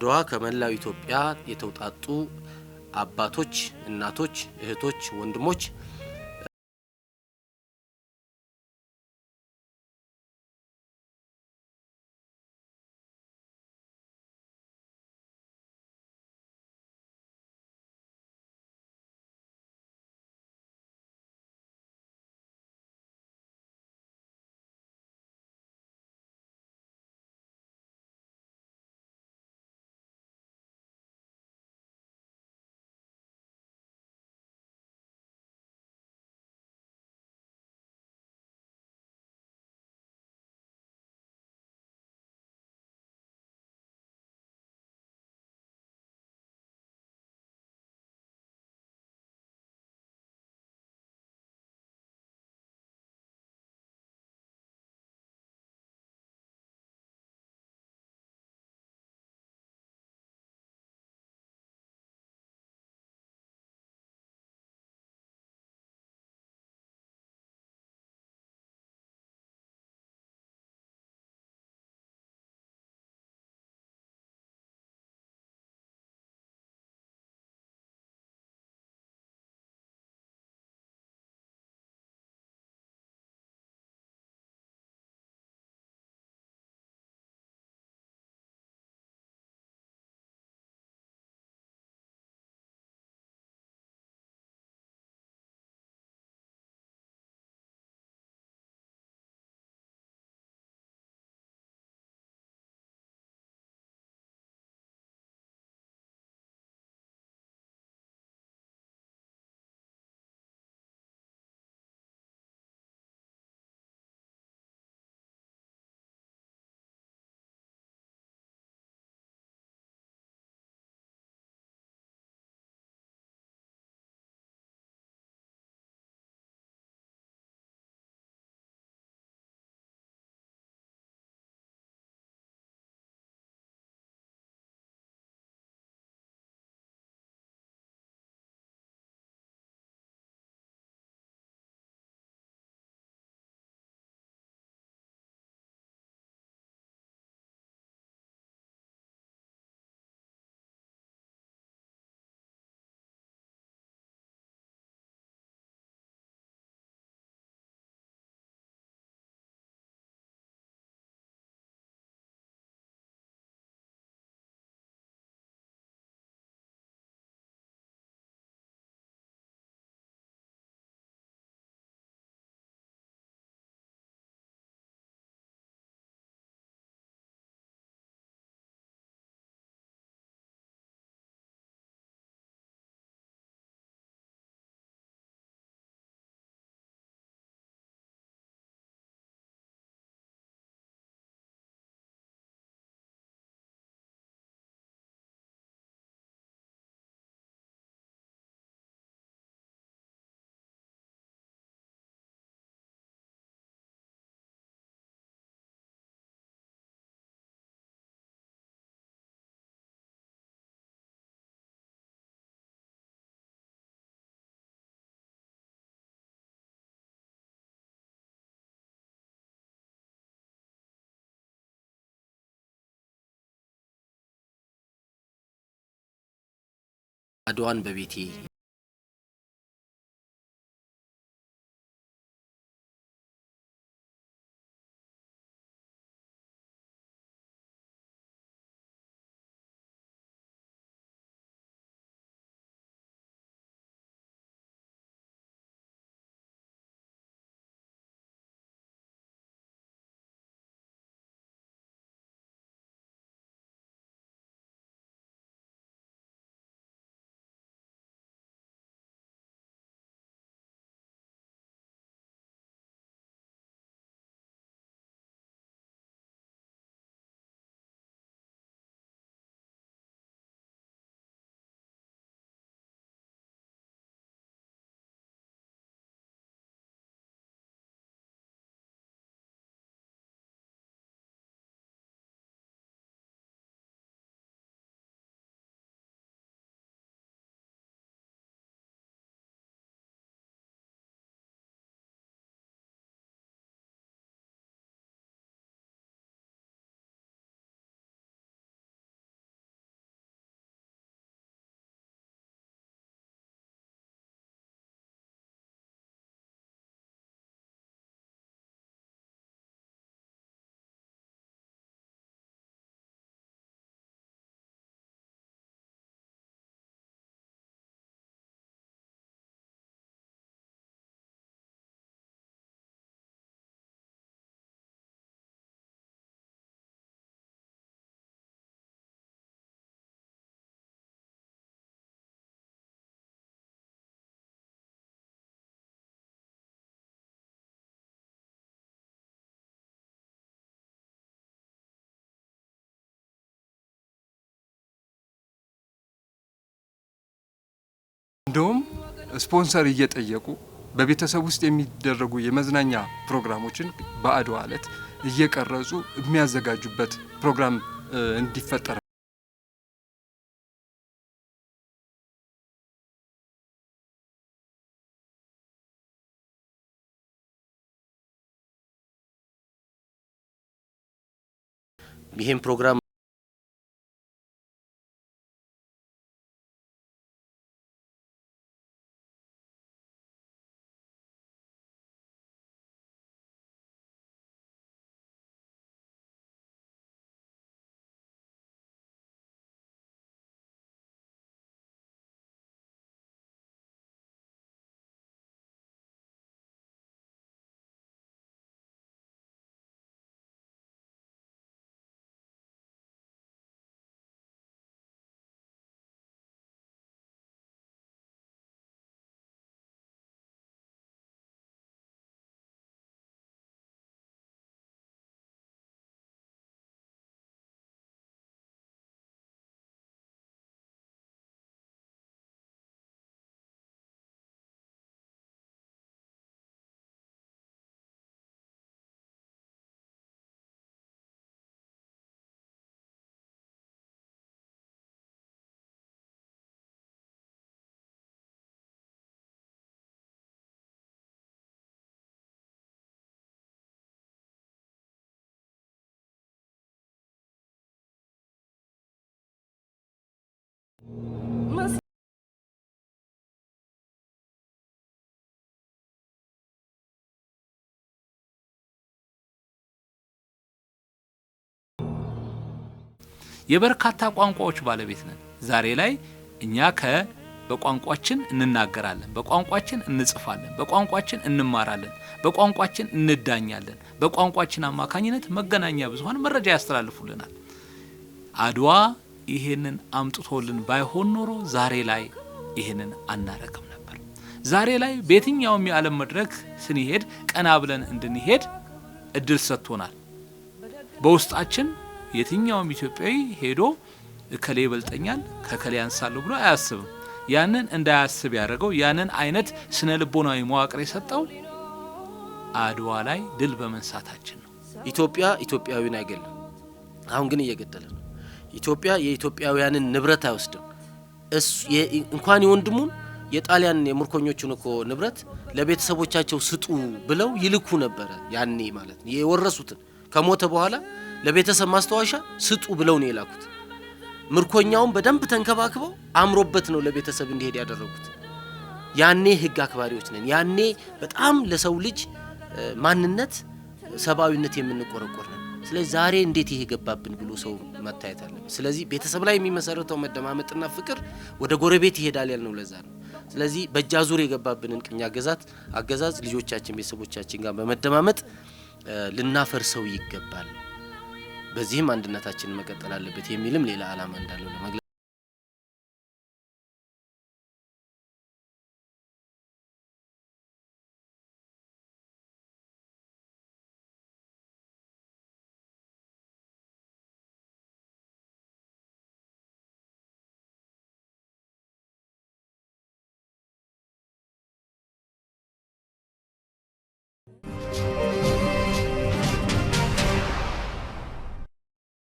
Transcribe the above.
አድዋ ከመላው ኢትዮጵያ የተውጣጡ አባቶች፣ እናቶች፣ እህቶች፣ ወንድሞች አድዋን በቤቴ እንደውም ስፖንሰር እየጠየቁ በቤተሰብ ውስጥ የሚደረጉ የመዝናኛ ፕሮግራሞችን በአድዋ ዕለት እየቀረጹ የሚያዘጋጁበት ፕሮግራም እንዲፈጠር ይህም ፕሮግራም የበርካታ ቋንቋዎች ባለቤት ነን። ዛሬ ላይ እኛ ከ በቋንቋችን እንናገራለን፣ በቋንቋችን እንጽፋለን፣ በቋንቋችን እንማራለን፣ በቋንቋችን እንዳኛለን። በቋንቋችን አማካኝነት መገናኛ ብዙሃን መረጃ ያስተላልፉልናል። አድዋ ይህንን አምጥቶልን ባይሆን ኖሮ ዛሬ ላይ ይህንን አናረግም ነበር። ዛሬ ላይ በየትኛውም የዓለም መድረክ ስንሄድ ቀና ብለን እንድንሄድ እድል ሰጥቶናል። በውስጣችን የትኛውም ኢትዮጵያዊ ሄዶ እከሌ ይበልጠኛል ከከሌ ያንሳለሁ ብሎ አያስብም። ያንን እንዳያስብ ያደረገው ያንን አይነት ስነ ልቦናዊ መዋቅር የሰጠው አድዋ ላይ ድል በመንሳታችን ነው። ኢትዮጵያ ኢትዮጵያዊን አይገልም፣ አሁን ግን እየገደለ ነው። ኢትዮጵያ የኢትዮጵያውያንን ንብረት አይወስድም። እንኳን የወንድሙን የጣሊያን የምርኮኞቹን እኮ ንብረት ለቤተሰቦቻቸው ስጡ ብለው ይልኩ ነበረ። ያኔ ማለት የወረሱትን ከሞተ በኋላ ለቤተሰብ ማስታወሻ ስጡ ብለው ነው የላኩት። ምርኮኛውን በደንብ ተንከባክበው አምሮበት ነው ለቤተሰብ እንዲሄድ ያደረጉት። ያኔ ህግ አክባሪዎች ነን። ያኔ በጣም ለሰው ልጅ ማንነት ሰብአዊነት የምንቆረቆር ነን። ስለዚህ ዛሬ እንዴት ይሄ ገባብን ብሎ ሰው መታየት አለበት። ስለዚህ ቤተሰብ ላይ የሚመሰረተው መደማመጥና ፍቅር ወደ ጎረቤት ይሄዳል ያልነው ለዛ ነው። ስለዚህ በእጅ አዙር የገባብንን ቅኝ አገዛዝ አገዛዝ ልጆቻችን ቤተሰቦቻችን ጋር በመደማመጥ ልናፈርሰው ይገባል። በዚህም አንድነታችን መቀጠል አለበት የሚልም ሌላ ዓላማ እንዳለው ለመግለጽ